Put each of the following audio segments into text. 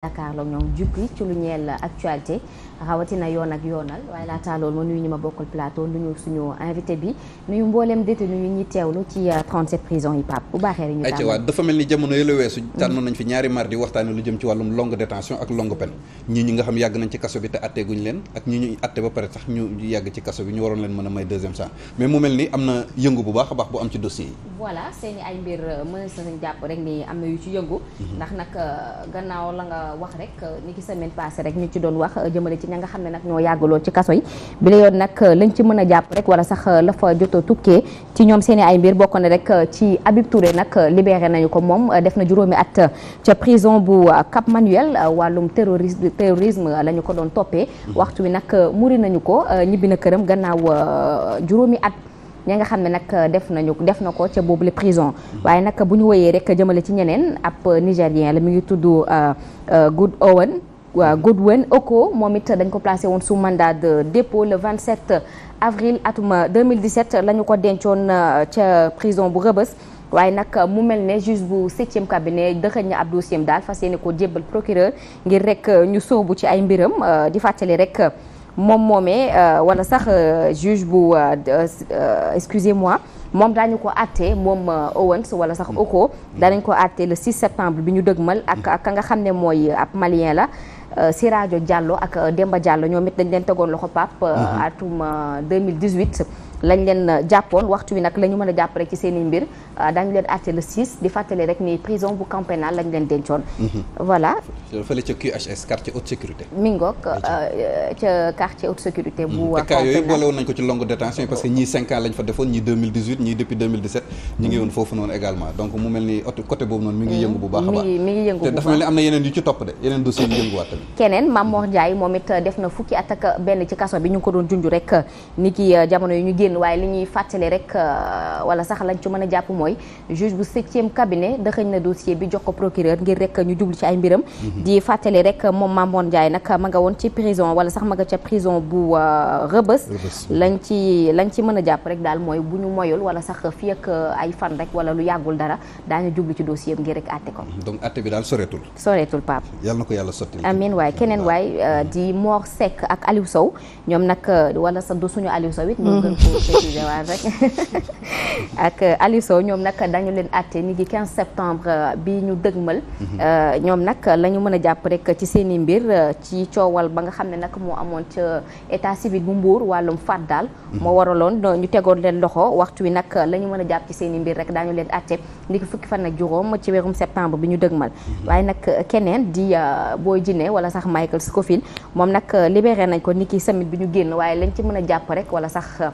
jàkkaarloo ñoom jukki ci lu ñeel actualité rawatina yoon ak yoonal waaye laata loolu ma nuyu ñu ma bokkal plateau nuyu suñu invité bi nuyu mbooleem détenu ñu ñi teewlu ci 37 euh, yi Pape bu baaxee rek ni jamono yële weesu mm-hmm. tànnoon nañ fi ñaari mardi waxtaane lu jëm ci wàllum longue détention ak longue peine ñii ñi nga xam yàgg nañ ci kaso bi te atte guñ leen ak ñi ñuy atte ba pare sax ñu yàgg ci kaso bi ñu waroon leen mën a may deuxième chance mais mu mel a wax rek euh, ni ki semaine passée rek ñu ci doon wax euh, jëmale ci ña nga xam ne nag ñoo yàggaloo ci kaso yi bi la yoon euh, lañ ci mën a jàpp rek wala sax la fa jotoo tukkee ci ñoom seen i ay mbir bokk na rek ci Habib Touré nag libéré nañu ko moom def na juróomi at ca prison bu Cap Manuel wàllum terrorisme terrorisme la ñu ko doon toppee mm-hmm. waxtu wi nag muri nañu ko ñibbi na këram gannaaw juróomi at ñi nga xam ne nag euh, def nañu def na ko ca boobu boobule prison waaye nag bu ñu woyee rek jëmale ci ñeneen ab euh, nigérien la mu ngi tudd euh, Good Owen waaw Goodwin Oko moom it dañ ko placé woon su mandat de dépôt le 27 avril atuma 2017 la ñu ko dencoon ca prison bu Rëbës waaye nag mu mel ne juge bu septième cabinet dëxëñ na ab dossier daal fas yéene ko jébbal procureur ngir rek ñu soobu ci ay mbiram di fàttali rek. moom moomee euh, wala sax euh, juge bu euh, excusez-moi moom daañu ko àtte moom Owens wala sax mm-hmm. Oko danañ ko àtte le 6 septembre bi ñu dëgmal ak mm-hmm. ak ka nga xam ne mooy ab malien la si Sirajo Diallo ak Demba Diallo ñoom it dañ leen tegoon loxo pap mm-hmm. atum 2018 lañ leen euh, jàppoon waxtu wi nag la mën a jàpp rek ci seen mbir euh, daañu leen àtte le di fàttali rek ni prison bu camp pénal leen dencoon. Mhm. voilà. Euh, fële ca QHS quartier haute sécurité. mi ngoog ca quartier sécurité. bu mhm. camp pénal te cas yooyu boole woon nañu ko ci longue détention parce que ñii 5 ans lañ fa ngi woon foofu noonu également donc mu mel ni côté boobu noonu. mi ngi mhm. yëngu bu baax a te dafa mel ni am na yeneen yu ci topp génn waaye li ñuy fàttali rek euh, wala sax lañ ci mën a jàpp mooy juge bu septième cabinet dëxëñ na dossier bi jox ko procureur ngir rek ñu jublu ci ay mbiram mhm. di fàttali rek moom Mamour jaay nag ma nga woon ci prison wala sax ma nga ca prison bu euh, rëbës lañ ci lañ ci mën a jàpp rek daal mooy bu ñu moyul wala sax fii ak euh, ay fan rek wala lu yàggul dara daañu jublu ci dossier bi ngir rek àtte ko donc àtte bi daal soreetul soreetul Pape yàlla na ko yàlla sotti amiin waaye keneen waay di Mor Seck ak Aliou Sow ñoom nag wala sax du suñu waaw rek ak euh, Aliou ñoom nag dañu leen àtte ni ngi 15 septembre euh, bi ñu dëgmal. Mhm. Euh, ñoom nag lañu mën a jàpp rek ci seen i mbir ci coowal ba nga xam ne nag moo amoon ca état civil bu Mbour wàllum fàddaal. Mhm. moo waraloon ñu tegoon leen loxo waxtu wi nag la mën a jàpp ci seen i mbir rek daañu leen àtte ni ki fukki fan ak juróom ci weerum septembre bi ñu dëgmal. Mhm. waaye nag keneen di Boy Djiné wala sax Michael Scofield moom nag liberee nañ ko nit ki samit bi ñu génn waaye lañ ci mën a jàpp rek wala sax.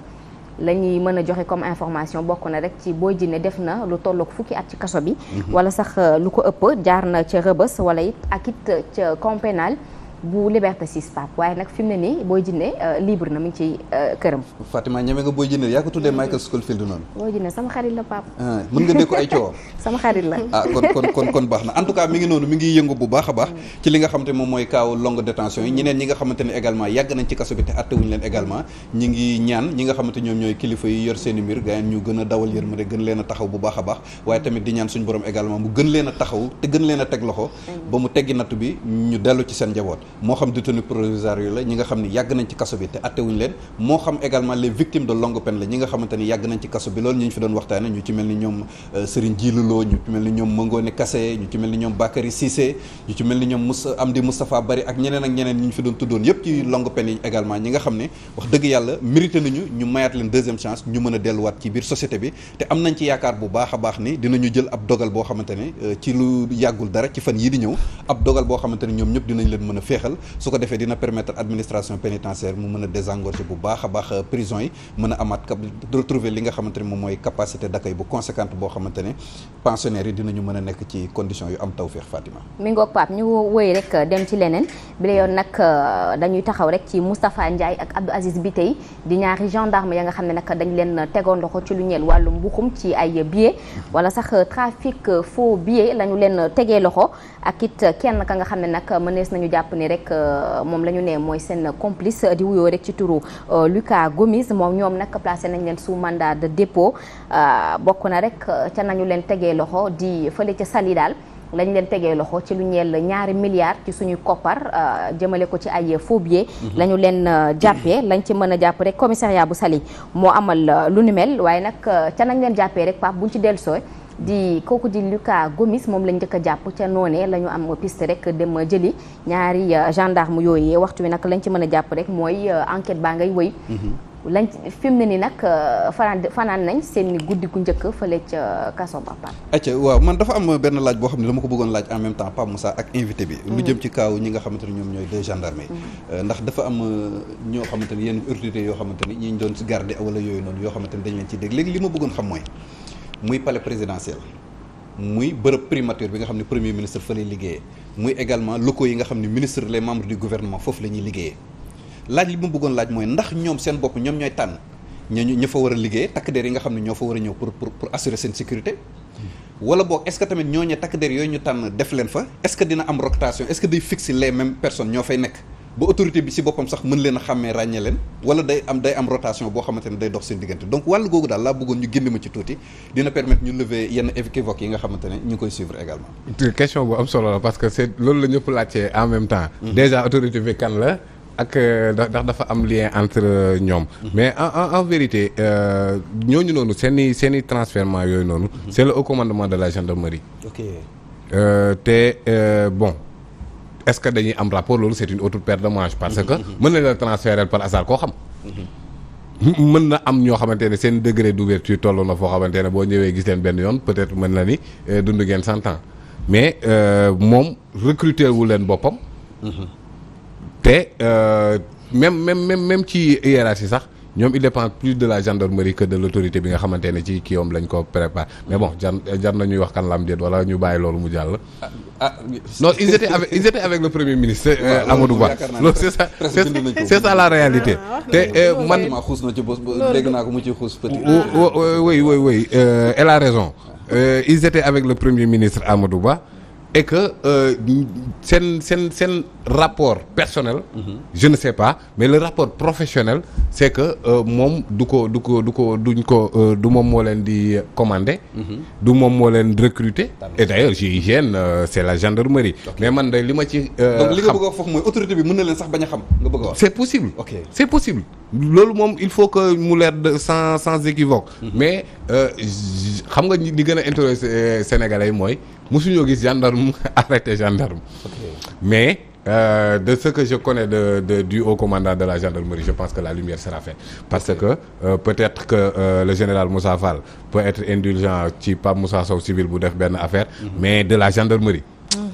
la ñuy mën a joxe comme information bokk na rek ci Boy Djiné def na lu tollook fukki at ci kaso bi mhm. wala sax euh, lu ko ëpp jaar na ca rëbës wala it ak it ca compénal bu Liberté 6 Pape waaye nag fi mu ne nii Boy Djiné euh, libre na mu ngi ci euh, këram. Fatima ñeme nga Boy Djiné yaa ko tuddee Michael Scofield noonu. Boy Djiné sama xarit la Pape. Ah, mën nga dékku ay coowam. sama xarit la. Ah, kon kon baax na en tout ngi noonu mi ngi yëngu bu baax a baax. ci li nga xamante moom mooy kaaw longue détention yi ñeneen ñi nga xamante ne également yàgg nañ ci kaso bi te attewuñu leen également ñi ngi ñaan ñi nga xamante ñoom ñooy kilifa a a taxaw a baax waaye tamit di leen a te gën a teg loxo ba mu teggi nattu seen njaboot moo xam détenus provisoires yi la ñi nga xam ni yàgg nañ ci kaso bi te attewuñu leen moo xam également les victimes de longue la ñi nga xamante ni yàgg nañ ci kaso bi loolu ñu ñu fi doon waxtaane ñu ci mel ni ñoom euh, Serigne Djiluloo ñu ci mel ni ñoom Mangone Kassé ñu ci mel ni ñoom Bakary Cissé ñu ci mel ni ñoom Moussa Amdi Moustapha Bari ak ñeneen ak ñeneen ñi ñu fi doon tuddoon yëpp ci longue peine yi également ñi nga xam ne wax dëgg yàlla mérité nañu ñu mayaat leen deuxième chance ñu mën a delluwaat ci biir bi te am nañ ci yaakaar a baax ni dinañu jël ab dogal boo xamante ne euh, ci lu yàggul dara ci yii di ñëw ab boo xamante ne ñoom ñëpp dinañ leen mën a féex jeexal su ko defee dina permettre administration pénitentiaire mu mën a désengorger bu baax a baax euh, prison yi mën a amaat retrouver li nga xamante mooy capacité d'accueil bu conséquente boo xamante ne pensionnaires yi dinañu mën a nekk ci conditions yu am tawféex Fatima. mi ngoog ñu woy rek euh, dem ci leneen bi la yoon nag euh, dañuy taxaw rek ci Moustapha Ndiaye ak Abdou Aziz Bitey di ñaari gendarme ya nga xam ne nag dañ leen tegoon loxo ci lu ñeel wàllu mbuxum ci ay billets mm-hmm. wala ak it kenn ka nga xam ne nag mënees nañu jàpp ni rek euh, moom la ñu ne mooy seen complice di wuyoo rek ci turu euh, Lucas Gomis moom ñoom nag placé nañ leen sous mandat de dépôt euh, bokk na rek ca nañu leen tegee loxo di fële ca lañ leen tegee loxo ci lu ñeel ñaari milliards ci suñuy koppar jëmale ko ci ay faux mhm. lañu la ñu leen jàppee lañ ci mën a jàpp rek commissariat bu sali moo amal lu ni waaye nag ca nañ leen jàppee rek bu ñu ci dellu sooy di kooku di Lucas Gomis moom lañ njëkk a jàpp ca noonee la ñu am piste rek dem jëli ñaari euh, gendarme yooyu waxtu wi nag lañ ci mën a jàpp rek mooy euh, enquête baa ngay wëy mhm. lañ fi mu ne nii nag euh, fanaan fanaan nañ seen guddi ku njëkk fële ca kaso ba Pape. acca waaw man dafa am benn laaj boo xam ne dama ko bëggoon laaj en même temps Pape Moussa ak invité bi. lu mhm. jëm ci kaaw ñi nga xamante ne ñoom ñooy deux gendarmes yi. Mhm. ndax dafa am ñoo xamante ne yenn autorités yoo xamante ni ñi ñu doon si garder yooyu noonu yoo xamante ni dañ leen ciy dégg li ma bëggoon xam muy pale présidentiel muy bërëb primature bi nga xam ne premier ministre fa lay liggéeyee muy également locaux yi nga xam ne ministre les membres du gouvernement foofu la ñuy liggéeyee laaj li mu bëggoon laaj mooy ndax ñoom seen bopp ñoom ñooy tànn ñooñu ña fa war a liggéeyee takk der yi nga xam ne ñoo fa war a ñëw pour pour pour assurer seen sécurité. wala boog est-ce que tamit ñooñu takk der yooyu ñu tànn def leen fa est-ce dina am rotation est-ce que day les fay nekk. ba autorité bi si boppam sax mën leen a xàmmee ràññee leen wala day am day am rotation boo xamante ne day dox seen diggante donc wàllu googu daal laa bëggoon ñu génn ma ci tuuti dina permettre ñu lever yenn équivoque yi nga xamante ne ñu ngi koy suivre également. question bu am solo la parce que c'est loolu la ñëpp laajte en même temps. Mm-hmm. déjà autorité bi kan la. ak euh, ndax dafa am lien entre euh, ñoom. Mm-hmm. mais en en en vérité euh, ñooñu noonu seen i seen transfertement yooyu noonu. Mm-hmm. c'est le haut commandement de la gendarmerie. ok. te bon. est-ce que dañuy am rapport loolu c'est une autre paire de manches parce que mën na la transférer par hasard koo xam mën na am ñoo xamante ne seen degré d'ouverture toll na foo xamante ne boo ñëwee gis leen benn yoon peut-être mën na ni euh, dund ngeen cent ans mais euh, moom recruter wu leen boppam mhm. te euh, même même même même ci hiérarchie sax ñoom il dépend plus de la gendarmerie que de l' autorité bi nga xamante ne ci kiiwam lañ ko préparé mais bon jar jar na ñuy wax kan la am déet ñu bàyyi loolu mu jàll. ah, ah non ils premier ministre. Amadou Ba loolu c' est ça est ça la réalité. te man ma na ci bos dégg naa ko mu ciy xuus petit. oui oui oui elle raison. ils avec le premier ministre amadouba e que euh, seen seen seen rapport personnel. Mhm. je ne sais pas mais le rapport professionnel c'est que euh, moom du ko du ko du ko duñ ko euh, du moom moo leen di commander. Mhm. du moom moo leen recruter. et d'ailleurs GIGN c'est la gendarmerie. mais man de li ma ci. donc li nga bëgg a foofu mooy autorité bi mun na leen sax bañ a xam nga bëgg a wax. c'est possible ok c'est possible. loolu moom il faut que mu leer de sans sans équivoque. Mhm. mais xam nga li gën a intéresser sénégalais mooy. mosuñoo gis gendarme arrêté gendarme. mais euh, de ce que je connais de de du haut commandant de la gendarmerie je pense que la lumière sera faite. parce que euh, peut-être que euh, le général Moussa Fall peut être indulgent ci Pape Moussa Sow civil bu def benn affaire. Mhm. mais de la gendarmerie.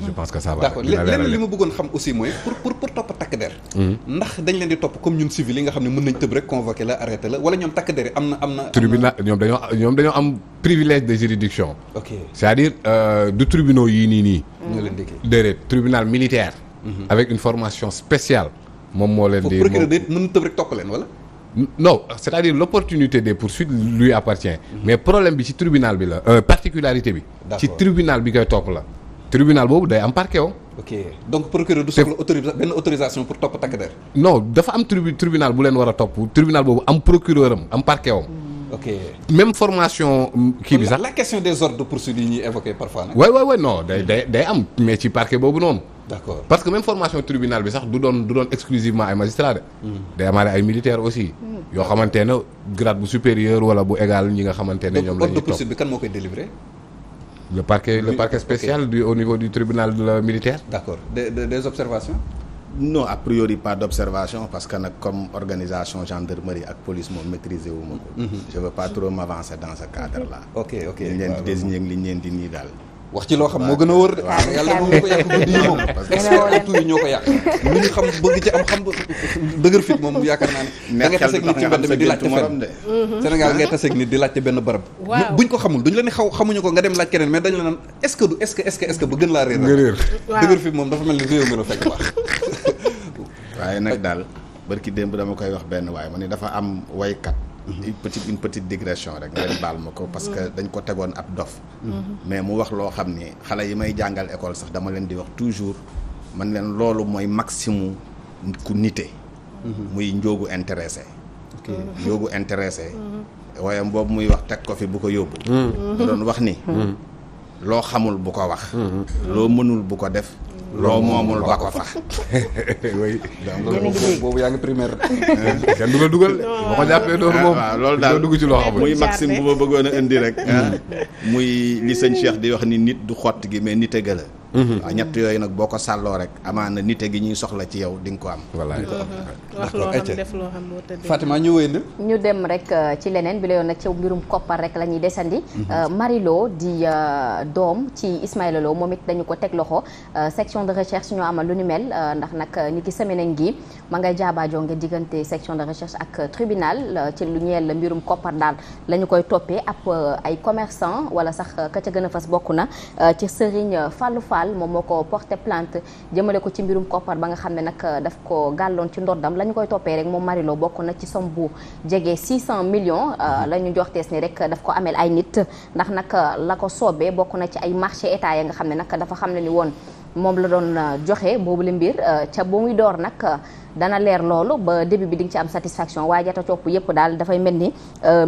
je pense que ça va. li ma bëggoon xam aussi mooy pour pour topp takk der. Hmm. ndax dañ leen di topp comme ñun civil yi nga xam ne mën nañ tëb rek convoqué la arrêté la wala ñoom takk der yi am na am na. tribunal ñoom dañoo ñoom am privilège de juridiction. ok c' est à dire euh, du yii nii nii. ñoo leen di kii déedéet tribunal militaire. Mhm. avec une formation spéciale. moom moo leen di pour procureur déet mën tëb rek topp leen wala. non c'est-à-dire l'opportunité des poursuites lui appartient. Mm -hmm. mais problème bi ci tribunal bi la. Euh, particularité bi. ci tribunal bi koy topp la. tribunal boobu day am parquet o oh. ok donc procureur benn autorisation pour topp takk der non dafa am tribunal bu leen war a topp tribunal boobu am procureur am am parquet am. Oh. Hmm. formation. Hmm, kii bi sax la question des ordres de poursuite yi ñuy évoqué parfois nag. oui oui oui day day am mais ci parquet boobu noonu. parce que même formation tribunal bi sax du doon du doon exclusivement ay magistrats de. Hmm. day amaale ay militaires aussi. yoo xamante ne grade bu supérieur wala bu égal ñi nga xamante ne. ñoom la ñuy topp le parquet le parquet spécial du au niveau du tribunal militaire. d'accord des observations. non a priori pas d'observation parce que nag comme organisation gendarmerie ak police moom maîtriser wu ma mhm. je veux pas trop m'avancer dans ce cadre là. ok ok li ñu li ñu leen di nii daal. wax ci loo xam moo gën a wër de yàlla moom ko moom expert ko yàq lu ñu xam bëgg ci am xam dëgër fit moom yaakaar naa ne da ngay taseeg nit ci mbedd mi di laajte fenn mhm. Sénégal ngay taseeg nit benn barab buñ ko xamul duñ la ne xaw xamuñu ko nga dem laaj keneen mais dañu la naan est-ce que du est-ce que est-ce que est-ce ba gën laa réer dëgër fit moom dafa mel ni réew mi fekk baax waaye nag daal bër ki démb dama koy wax benn waaye ma ne dafa am kat Mm-hmm. une petite une petite digression rek ngeen baal ma ko parce que mm-hmm. dañ ko tegoon ab dof mm-hmm. mais mu wax loo xam ni xale yi may jàngal école sax dama leen di wax toujours man leen loolu mooy maximum ku nite muy njóogu intéressé njóogu intéressé waaye boobu muy wax teg ko fi bu ko yóbbu doon wax ni loo xamul bu ko wax loo mënul bu ko def loo moomul ba ko fa. oui. boobu yaa ngi primaire. Eh, kenn du la dugal de. boo ko moom. Ah, loolu daal dugg ci loo xam muy maxime bu ma bëggoon a indi rek. Ah. Hmm. muy li sëñ Cheikh di wax ni nit du xott gi mais nite ga la Mhm. waaw ñett yooyu nag boo ko sàlloo rek amaana nite gi ñuy soxla ci yow di nga ko am. wallaay wax loo xam def ñu wëy ñu dem rek euh, ci leneen bi la yoon nag ci mbirum koppar rek la ñuy desandi. Mhm. Euh, Marilo di euh, doom ci Ismaïla Lo moom it dañu ko teg loxo section de recherche ñoo amal lu ni mel ndax nag ni ki semaine ngi ma ngay jaabaajo nga diggante section de recherche ak tribunal ci lu ñeel mbirum koppar daal la koy toppee ab ay commercant wala sax ka ca gën a fas bokk na ci Serigne Fallou Fall Fall moom moo ko porté plainte jëmale ko ci mbirum koppar ba nga xam ne nag euh, daf ko gàlloon ci ndoddam la ñu koy toppee rek mu mariloo bokk na ci somme bu jege 600 millions euh, mhm. la ñu joxtees ni rek daf ko amel ay nit ndax nag euh, la ko soobee bokk na ci ay marché état ya nga xam ne nag dafa xam ne ni woon moom la doon euh, joxe boobu la mbir euh, ca bu muy door nag euh, dana leer loolu ba début bi di ci am satisfaction waaye jata copp yëpp daal dafay mel ni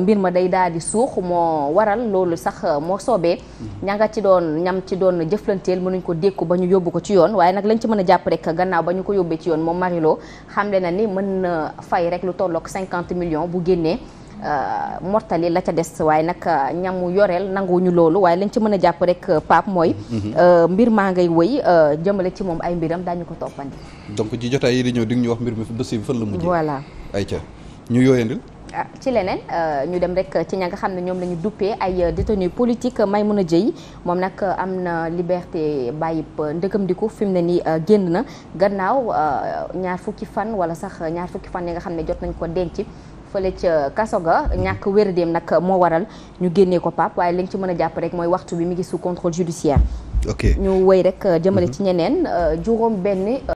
mbir ma day daal di suux moo waral loolu sax moo soobee mhm. ñanga ci doon ñam ci doon jëflanteel mënuñ ko dékku ba ñu yóbbu ko ci yoon waaye nag lañ ci mën a jàpp rek gannaaw ba ñu ko yóbbee ci yoon moom Marilo xam na ni mën na fay rek lu tollook cinquante million bu génnee Euh, mottali la ca des waaye nag euh, ñamu yoreel nanguwuñu loolu waaye lañ ci mën a jàpp rek euh, Pape mooy. Mhm. mbir maa ngay wëy jëmale ci moom ay mbiram daañu ko toppandi. donc ci jotaay yi di ñëw di ñu wax mbir mi dossier bi fan la mujjee. voilà ñu yooyandil. ah ci leneen ñu dem rek ci ña nga xam ne ñoom la ñu duppee ay may politique a jëy moom nag am na liberté bàyyib ndëgëmdiku fi mu ne nii génn na gannaaw ñaar fukki fan wala sax ñaar fukki fan yi nga xam ne jot nañ ko denc. fële ca kaso ga ñàkk wér nag moo waral ñu génnee ko pap waaye lañ ci mën a jàpp rek mooy waxtu bi mu ngi sous contrôle judiciaire ok ñu wëy rek euh, jëmale mhm. ci ñeneen euh, juróom benn euh,